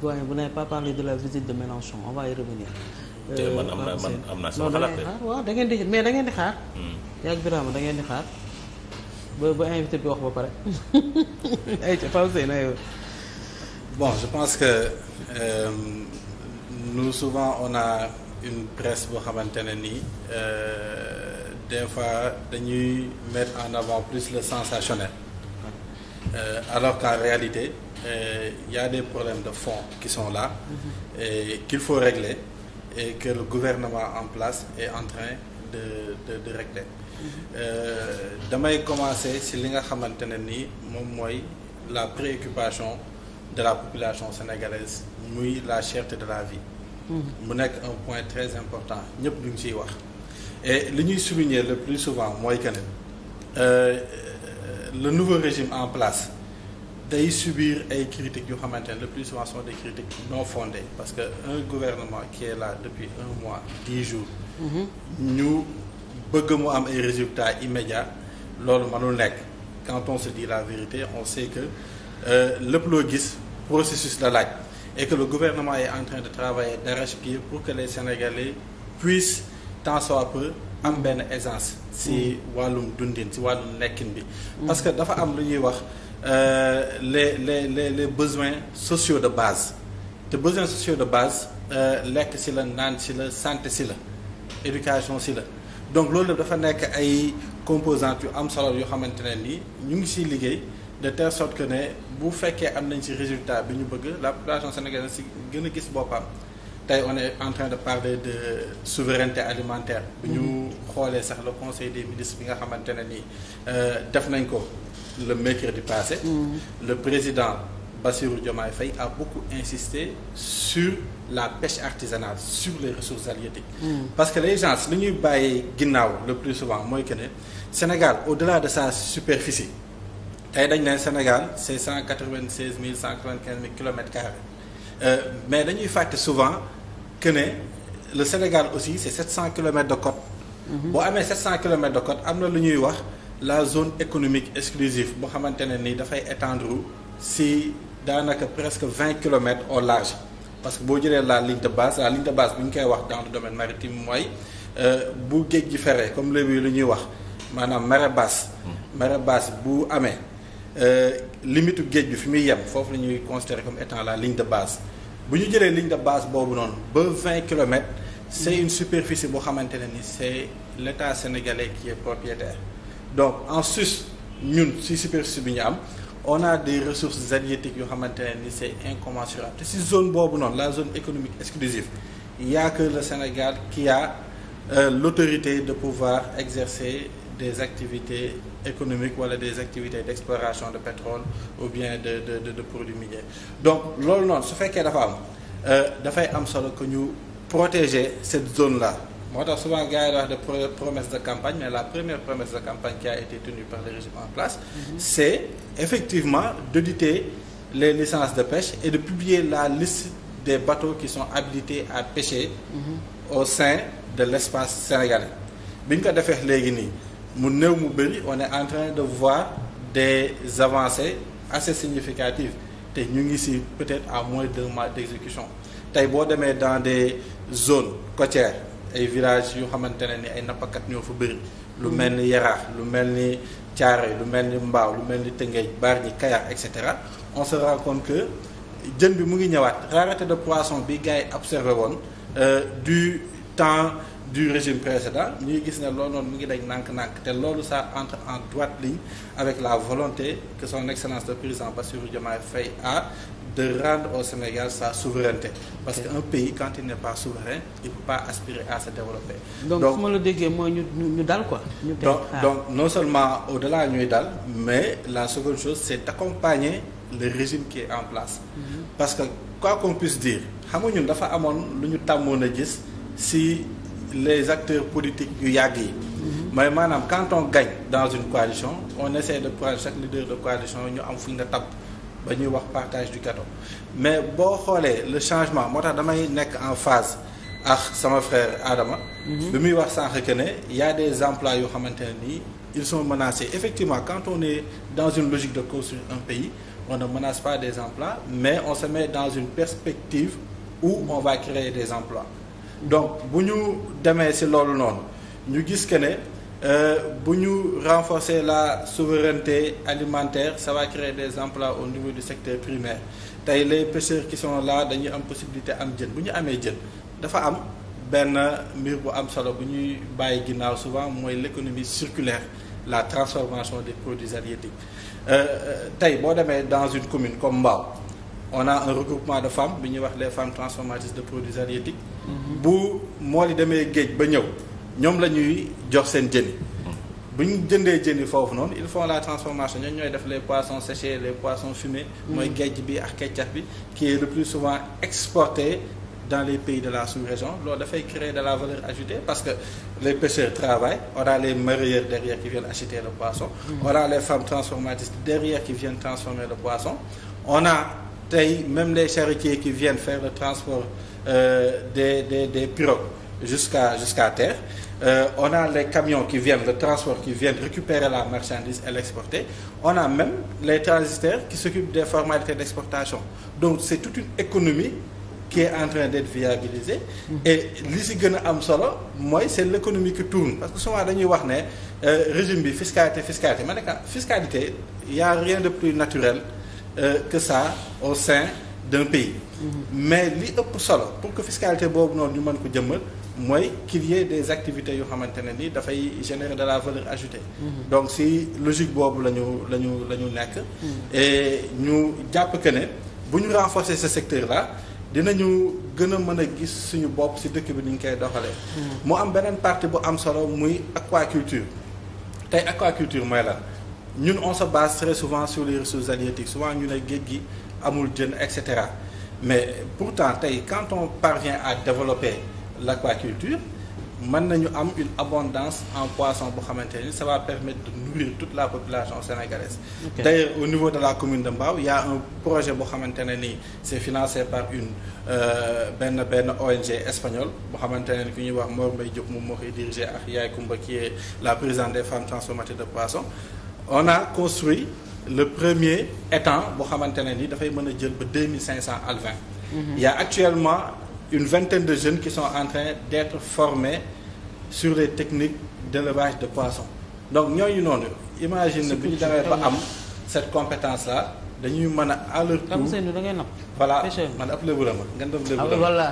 doyen vous n'avez pas parlé de la visite de Mélenchon on va y revenir. Euh, tey man man am naa sama xalaat waaw da ngeen di mais da ngeen di xaar. Hmm. yaa ngi Birama da ngeen di xaar ba ba invité bi wax ba pare ay ca Pape Seyna bon je pense que euh, souvent on a une presse boo xamante ne nii euh, des fois dañuy mettre en avant plus le sensationnel euh, alors qu'en réalité. il euh, y des problèmes de fonds qui son la mhm. e qu'il faut régler e que le gouvernement en place est en train de de, de régler mhm. euh, damay commencer si li nga xamante ne nii moom mooy la préoccupation de la population sénégalaise muy la cherté de la vie mhm. mu nekk un point très important ñëpp duñ ciy wax e li ñuy souligner le plus souvent mooy que ne euh, le nouveau régime en place day subir ay critiques yoo xamante ne le plus souvent sont des critiques non fondées parce que un gouvernement qui est là depuis un mois dix jours. Mhm. ñu bëgg mu am ay résultats immédiats loolu mënul nekk quand on se dit la vérité on sait que euh, lépp loo gis processus la laaj et que le gouvernement est en train de travailler d'arrache-pied pour que les Sénégalais puissent tant soit peu am benn aisance. si mhm. wàllum dundin si wàllum nekkin bi. Mhm. parce que dafa am lu ñuy wax. euh, les les les les besoins sociaux de base te besoins sociaux de base euh, lekk si la naan si la santé si la éducation si la donc loolu dafa nekk ay composantes yu am solo yoo xamante ne nii ñu ngi siy liggéey de telle sorte que ne bu fekkee am nañ si résultat bi ñu bëgg la population sénégalaise si gën a gis boppam tey on est en train de parler de souveraineté alimentaire. ñu mm-hmm. xoolee sax le conseil des ministre bi nga xamante ne nii euh, def nañ ko le mercredi passé. Mm. le président Bassirou Diomaye Faye a beaucoup insisté sur la pêche artisanale sur les ressources halieutiques. Mm. parce que les gens li ñuy bàyyi ginnaaw le plus souvent mooy que ne Sénégal au-delà de sa superficie. tey dañ ne Sénégal c'est cent quatre-vingt-seize mille cent quatre-vingt-quinze mille kilomètres carrés euh, mais dañuy fàtte souvent que ne le Sénégal aussi c'est sept cent kilomètres de côte. Mm-hmm. boo amee 700 kilomètres de côte am na lu ñuy wax la zone économique exclusive boo xamante ne ni dafay étendre si daanaka presque 20 kilomètres au large parce que boo jëlee la ligne de base la ligne de base bu ñu koy wax dans le domaine maritime mooy euh, bu géej gi fere comme léegi lu ñuy wax maanaam mara basse. Mm-hmm. marée basse bu amee euh, limitu géej bi fi muy yem foofu la ñuy considérer comme étant la ligne de base bu ñu jëlee ligne de base boobu noonu ba 20 kilomètres. c'est une superficie boo xamante ne ni c'est l'État sénégalais qui est propriétaire donc en sus ñun si superficie bi ñu am on a des ressources halieutiques yoo xamante ne ni c'est incommensurable te si zone boobu noonu la zone économique exclusive il y a que le Sénégal qui a euh, l'autorité de pouvoir exercer des activités économiques wala des activités d'exploration de pétrole ou bien de de de, de produits miniers donc loolu noonu su fekkee dafa am euh, dafay am solo que protéger cette zone-là. moo tax souvent gars yi la wax de promesse de campagne mais la première promesse de campagne qui a été tenue par le régime en place. Mm -hmm. c'est effectivement d'auditer les licences de pêche et de publier la liste des bateaux qui sont habilités à pêcher. Mm-hmm. au sein de l'espace sénégalais. bi ñu ko defee léegi nii mu néew mu bëri on est en train de voir des avancées assez significatives te ñu ngi ci peut-être à moins d'un mois d'exécution tey boo demee zone côtière ay village yu xamante ne ni ay nappakat ñoo fa bëri lu mel ni Yaraax lu mel ni Thiaroye lu mel ni Mbaaw lu mel ni Tëngéej Bargny Kayar et cetera on se rend que jën bi mu ngi ñëwaat rareté de poisson bi gars yi observé woon euh, du temps du régime précédent ñuy gis ne loolu noonu mu ngi dañ nànk-nànk te loolu ça entre en droite ligne avec la volonté que son excellence le président Bassirou Diomaye Faye a de rendre au Sénégal sa souveraineté parce que un pays quand il n'est pas souverain il peut pas aspirer à se développer donc su ma la déggee mooy ñu ñu dal quoi donc non seulement au-delà ñuy dal mais la seconde chose c'est d'accompagner le régime qui en place mm -hmm. parce que quoi qu'on puisse dire xam nga ñun dafa amoon lu ñu tàmmoon a gis si les acteurs politiques yu yàgg yi. mais mhm. maanaam quand on gagne dans une coalition on essaie de prendre chaque leader de coalition ñu am fu ñu la tabb ba ñuy wax partage du gâteau mais boo xoolee le changement moo tax damay nekk en phase ak sama frère Adama. Mhm. bi muy wax sànq que ne y des emplois yoo xamante ne nii ils sont menacés effectivement quand on est dans une logique de construire un pays on ne menace pas des emplois mais on se met dans une perspective où des emplois donc bu ñu demee ci loolu noonu ñu gis que ne euh, bu ñu renforcer la souveraineté alimentaire ça va créer des emplois au niveau du secteur primaire tey les pêcheurs qui la dañuy am possibilité am jën bu ñu amee jën dafa am benn mbir bu am solo bu ñuy bàyyi ginnaaw souvent mooy l'économie circulaire la transformation des produits halieutiques euh, euh, tey boo demee dans une commune comme mbaaw on a un regroupement de femmes bi ñuy wax les femmes transformatrices de produits halieutiques. Mhm. bu mool yi demee géej ba ñëw ñoom la ñuy jox seen jën yi. Mhm. bu ñu jëndee jën yi foofu noonu ils faut la transformation ñooñ ñooy def les poissons séchés les poissons fumés. Mhm. mooy géej bi ak keccax bi qui est le plus souvent exporté dans les pays de la sous-région loolu dafay créer de la valeur ajoutée parce que les pêcheurs travaillent on a les mareyeurs derrière qui viennent acheter le poisson. on a les femmes transformatrices derrière qui viennent transformer le poisson on tey même les charretiers qui viennent faire le transport euh, des des des pirogues jusqu'à jusqu'à terre euh, on a les camions qui viennent le transport qui viennent récupérer la marchandise et l'exporter on a même les transitaires qui s'occupent des formalités d'exportation donc c'est toute une économie qui est en train d'être viabilisée mm-hmm. et li si gën a am solo mooy c'est l'économie qui tourne parce que soma dañuy wax ne euh, régime bi fiscalité fiscalité ma ne fiscalité y de plus naturel euh, que ça au sein d'un pays. Mhm. mais li ëpp solo pour que fiscalité boobu noonu ñu mën ko jëmmal mooy qu'il y des activités yoo xamante ne ni dafay générer de la valeur ajoutée. Mhm. donc si logique boobu la ñu la ñu la ñu nekk. Mhm. et ñu jàpp que ne bu ñu renforcer ce secteur là dinañu gën a mën a gis suñu bopp si dëkk bi ni koy doxalee. mu am beneen partie bu am solo muy aquaculture tey aquaculture mooy la ñun on se base très souvent sur les ressources halieutiques souvent ñu ne géej gi amul jën et cetera mais pourtant tey quand on parvient à développer l'aquaculture mën nañu am une abondance en poisson boo xamante ni ça va permettre de nourrir toute la population sénégalaise okay. au niveau de la commune de Mbao y a un projet boo xamante ne nii c'est financé par une euh, benn benn ONG espagnole boo xamante ne ku ñuy wax Mor Mbaye Diop moom moo koy dirigé ak Yaay Kumba qui est la présidente des femmes transformatrices on a construit le premier étang boo xamante ne ni dafay mën a jël ba deux mille cinq cent alevins. Mhm. il a actuellement une vingtaine de jeunes qui sont en train d'être formés sur les techniques d'élevage de poissons donc ñooñu noonu. imagine bu ñu demee ba am cette compétence là dañuy mën a à leur tour. voilà man ëpp lébu la ma ngeen def